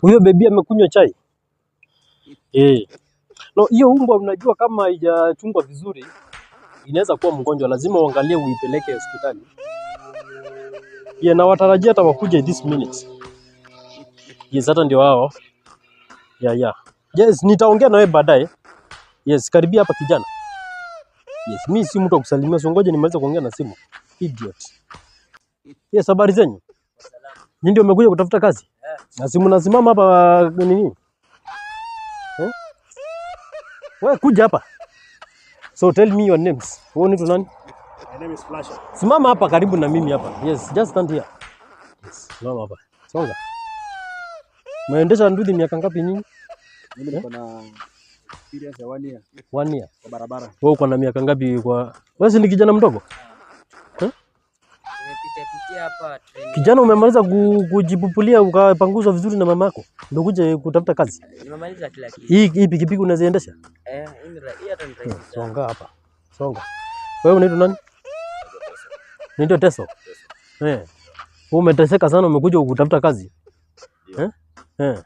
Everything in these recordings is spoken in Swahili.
Huyo bebi amekunywa chai eh? No, hiyo umbwa unajua kama haijachungwa vizuri inaweza kuwa mgonjwa, lazima uangalie uipeleke hospitali. Yeah, na watarajia hata wakuja this minute. Yes, hata ndio hao. Yeah, yeah. Yes, nitaongea na wewe baadaye. Yes, karibia hapa kijana. Yes, mimi si mtu wa kusalimia, so ngoja nimalize kuongea na simu. Idiot. Yes, habari zenyu? Nyinyi ndio mmekuja kutafuta kazi? Yeah. Na simu nasimama hapa eh, nini? Eh? Wewe kuja hapa. So tell me your names. Wewe ni nani? My name is Flasher. Simama hapa karibu na mimi hapa. Yes, just stand here. Yes, simama hapa. Songa. Umeendesha nduthi miaka ngapi nyinyi? Mimi niko eh? na experience ya one year. One year. Kwa barabara. Wewe uko na miaka ngapi kwa? Wewe si ni kijana mdogo? Kijana, umemaliza kujibupulia ukapanguzwa vizuri na mama yako ndio kuja kutafuta kazi? Nimemaliza kila kitu. Hii pikipiki unaziendesha? Eh, hii hata nitaiendesha. Hmm, songa hapa. Songa. Wewe unaitwa nani? Ndio Teso. Teso. Eh. Umeteseka sana umekuja kutafuta kazi. Eh? Eh.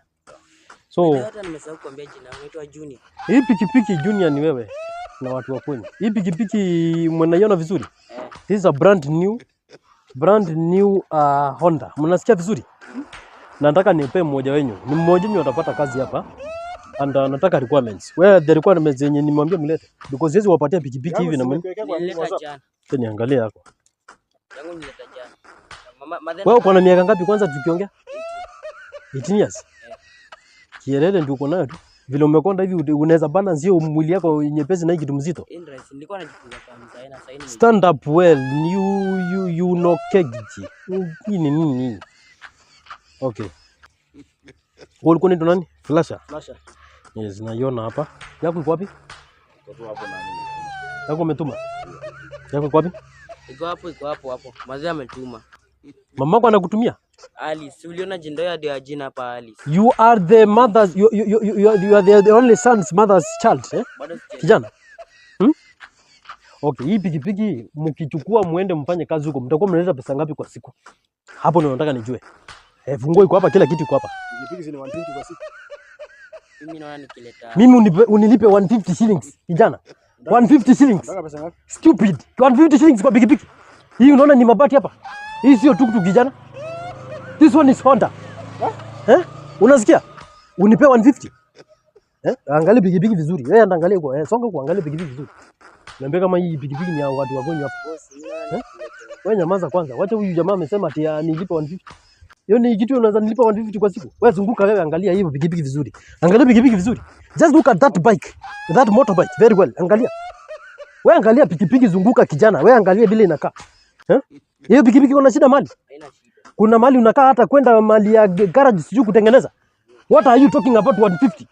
So hata nimesahau kuambia jina, unaitwa Junior. Hii pikipiki Junior ni wewe na watu wa kwenu. Hii pikipiki mnaiona vizuri? Eh. This is a brand new brand new uh, Honda. Mnasikia vizuri? Nataka nipe mmoja wenyu, ni mmoja wenyu atapata kazi hapa and uh, nataka requirements. Where the requirements yenye nimwambia mlete because siwezi wapatia pikipiki hivi na mimi. hapo. Yangu Niangalia yako. Wewe uko na miaka ngapi kwanza tukiongea? 18 years. Eh. Kielele ndio uko nayo tu vile umekonda hivi unaweza balance hiyo mwili yako nyepesi na kitu mzito. Stand up well, you you you no keji. Nini nini? Okay. Wewe ulikuwa unaitwa nani? Flasha. Flasha. Yes, naiona hapa. Yako iko wapi? Iko hapo na mimi. Yako umetuma. Yako iko wapi? Iko hapo, iko hapo hapo. Mazee ametuma. Mamako anakutumia? Alice, uliona jina ya ndio jina hapa Alice. You are the mother's you, you, you, you, you are the only son's mother's child, eh? Kijana. Hmm? Okay, hii pikipiki mkichukua muende mfanye kazi huko, mtakuwa mnaleta pesa ngapi kwa siku? Hapo ndio nataka nijue. Eh, funguo iko hapa, kila kitu iko hapa. Pikipiki zina 150 kwa siku. Mimi naona nikileta. Mimi unilipe 150 shillings, kijana. 150 shillings. Stupid. 150 shillings kwa pikipiki. Hii unaona ni mabati hapa? Hii sio tuktuk kijana. This one is Honda. Eh? Eh? Unasikia? Unipe 150. Eh? Angalia pikipiki vizuri. Wewe angalia huko. eh, songa kuangalia pikipiki vizuri. Niambia kama hii pikipiki ni ya watu wagonjwa hapo. Eh? Wewe nyamaza kwanza. Wacha huyu jamaa amesema ati ah, nilipe 150. Hiyo ni kitu unaweza nilipa 150 kwa siku. Wewe zunguka wewe, angalia hiyo pikipiki vizuri. Angalia pikipiki vizuri. Just look at that bike. That motorbike very well. Angalia. Wewe angalia pikipiki, zunguka kijana. Wewe angalia vile inakaa. Eh? Hiyo pikipiki una shida mali? Kuna mali unakaa hata kwenda mali ya garage sijui kutengeneza. What are you talking about 150?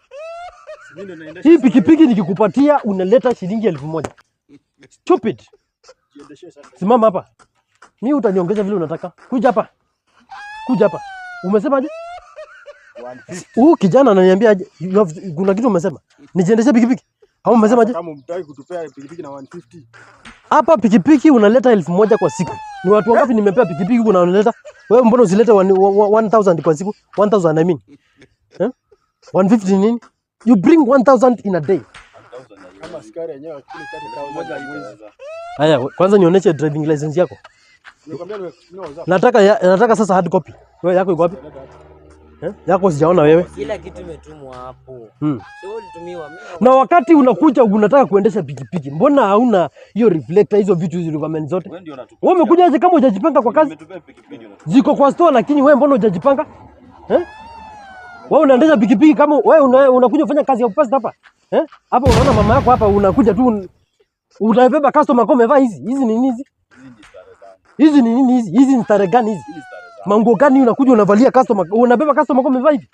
Hii pikipiki nikikupatia unaleta shilingi elfu moja. Stupid. Simama hapa. Mimi utaniongeza vile unataka. Kuja hapa. Kuja hapa. Umesemaje? Huu kijana ananiambia aje? Kuna kitu umesema. Nijiendeshe pikipiki. Au umesemaje? Kama mtaki kutupea pikipiki na 150. Hapa pikipiki unaleta elfu moja kwa siku. Ni watu wangapi nimepea pikipiki huku unaleta? Wewe mbona usilete 1000 kwa siku? 1000 I mean. Eh? 150 nini? You bring 1000 in a day. Kama askari yenyewe akili kati moja 3000 Haya, kwanza nionyeshe driving license yako. Nataka nataka sasa hard copy. Wewe yako iko wapi? Eh? Yako sijaona wewe. Kila kitu imetumwa hapo. Hmm. ulitumiwa mimi. Na wakati unakuja unataka kuendesha pikipiki, mbona hauna hiyo reflector hizo vitu hizo requirements zote? Wewe ndio Wewe umekuja aje kama hujajipanga kwa kazi? pikipiki Ziko kwa store lakini wewe mbona hujajipanga? Eh? Wewe unaendesha pikipiki kama wewe una, unakuja kufanya kazi ya upasta hapa? Eh? Hapa unaona mama yako hapa unakuja tu utabeba customer kama umevaa hizi. Hizi ni nini hizi? Hizi ni nini hizi? Hizi ni tarehe gani hizi? Hizi ni Mango gani unakuja unavalia customer, unabeba customer kwa umevaa hivi?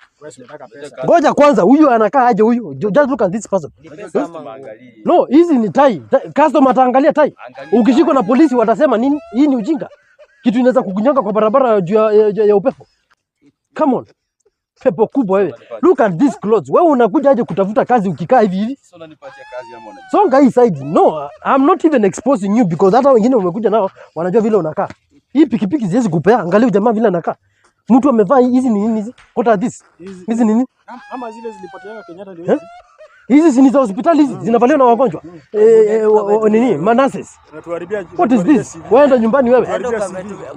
Ngoja kwanza, huyu anakaa aje huyu? Just look at this person. No, hizi ni tai. Customer ataangalia tai. Ukishikwa na polisi watasema nini? Hii ni ujinga. Kitu inaweza kukunyanga kwa barabara ya, ya upepo. Come on. Pepo kubwa wewe. Look at this clothes. Wewe unakuja aje kutafuta kazi ukikaa hivi hivi? unanipatia kazi Songa hii side. No, I'm not even exposing you because hata wengine wamekuja nao wanajua vile unakaa. Hii pikipiki siwezi kupea. Angalia jamaa vile anakaa. Mtu amevaa hizi ni nini What are these? Hizi ni nini? Ama zile zilipatiana Kenyatta leo hizi. Eh? Hizi si za hospitali hizi, zinavaliwa na wagonjwa. Hmm. Eh, eh, eh nini? Manases. Unatuharibia. What is this? Waenda nyumbani wewe.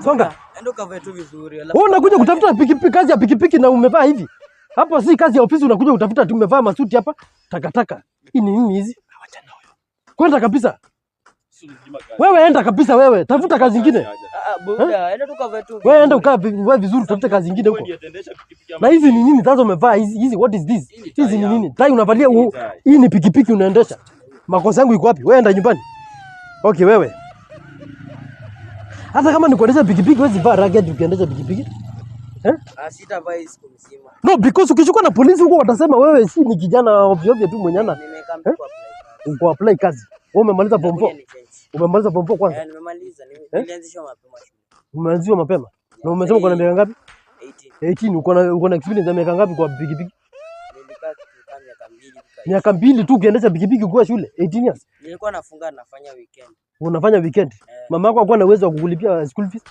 Songa. Endo ukavae tu vizuri. Wewe unakuja kutafuta pikipiki, kazi ya pikipiki na umevaa hivi. Hapo si kazi ya ofisi unakuja kutafuta tu umevaa masuti hapa. Takataka. Hii ni nini hizi? Kwenda kabisa. Wewe enda kabisa wewe. Tafuta kazi nyingine. Ah, eh? ah, wewe enda ukaa vizuri, tutafute kazi nyingine huko. Na hizi ni nini sasa umevaa hizi hizi, what is this? Hizi ni nini? Tai unavalia huu. hii ni pikipiki unaendesha. Makosa yangu iko wapi? Wewe enda nyumbani. Okay, wewe. Hata kama ni kuendesha pikipiki wewe vaa rugged ukiendesha pikipiki. Eh? Ah, Sitavaa hii siku mzima. No, because ukishukua na polisi huko watasema wewe si ni kijana ovyo ovyo tu mwenyana. Nimekaa mtu eh? kwa apply kazi. Wewe umemaliza form 4? Umemaliza form 4 kwanza? Eh, nimemaliza, eh? nilianzishwa mapema shule. Umeanzishwa mapema? Na umesema uko na miaka ngapi? 18. 18, uko na uko na experience ya miaka ngapi kwa pikipiki? Miaka mbili tu ukiendesha pikipiki kwa shule 18 years. Nilikuwa nafunga nafanya weekend. Unafanya weekend? Yeah. Mama yako alikuwa na uwezo wa kukulipia school fees?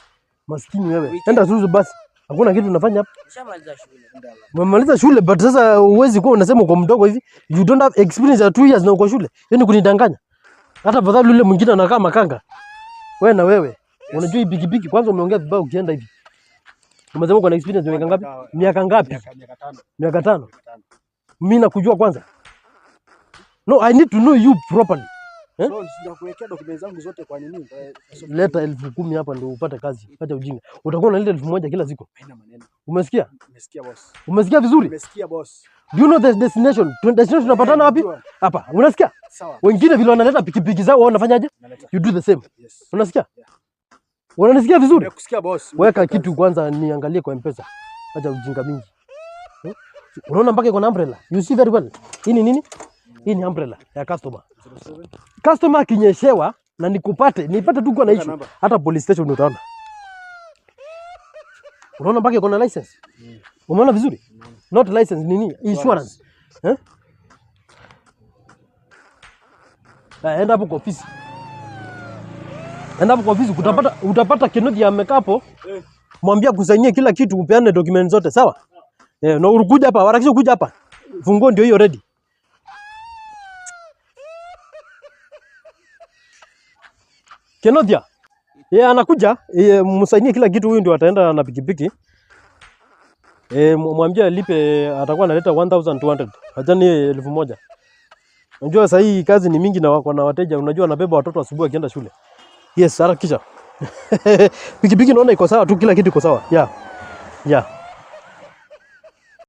Maskini wewe. Enda Zuzu basi. Hakuna kitu unafanya hapa. Nishamaliza shule. Umemaliza shule but sasa uwezi kuwa unasema uko mdogo hivi. You don't have experience ya 2 years na uko shule. Yaani kunidanganya. Hata fadhali yule mwingine anakaa makanga. Wewe na wewe. Unajua hii pikipiki kwanza umeongea vibao ukienda hivi. Umesema uko na experience miaka ngapi? Miaka ngapi? Miaka tano. Miaka tano. Mimi nakujua kwanza. No, I need to know you properly. Leta eh? elfu kumi hapa ndio upate kazi, upate ujinga. Utakuwa unaleta elfu moja kila siku. Umesikia? Umesikia boss? Umesikia vizuri? Umesikia boss. Do you know the destination? Destination tunapatana wapi? Hapa. Unasikia? Sawa. Wengine vile wanaleta pikipiki zao wao wanafanyaje? You do the same. Yes. Unasikia? Unanisikia vizuri? boss. Weka kitu kwanza niangalie kwa Mpesa. pesa Acha ujinga mingi. Eh? Unaona mpaka iko na umbrella. You see very well. Hii ni nini? Hii ni umbrella ya customer. Customer akinyeshewa na nikupate, nipate tu kwa na issue. Hata police station utaona. Unaona mpaka iko na license? Umeona vizuri? Not license nini? Insurance. Eh? eh? Enda hapo kwa ofisi. Enda hapo kwa ofisi utapata utapata Kenneth amekaa hapo. Eh. Mwambie kusainie kila kitu, upeane document zote, sawa? Eh, na urukuja hapa, harakisha kuja hapa. Funguo ndio hiyo ready. Kenodia. Ye anakuja, ye, msainie kila kitu huyu ndio ataenda na pikipiki. Eh, mwambie alipe atakuwa analeta 1200. ni 1000. Unajua sasa hii kazi ni mingi na wako na wateja, unajua anabeba watoto asubuhi akienda shule. Yes, harakisha. Pikipiki naona iko sawa tu, kila kitu iko sawa. Yeah. Yeah.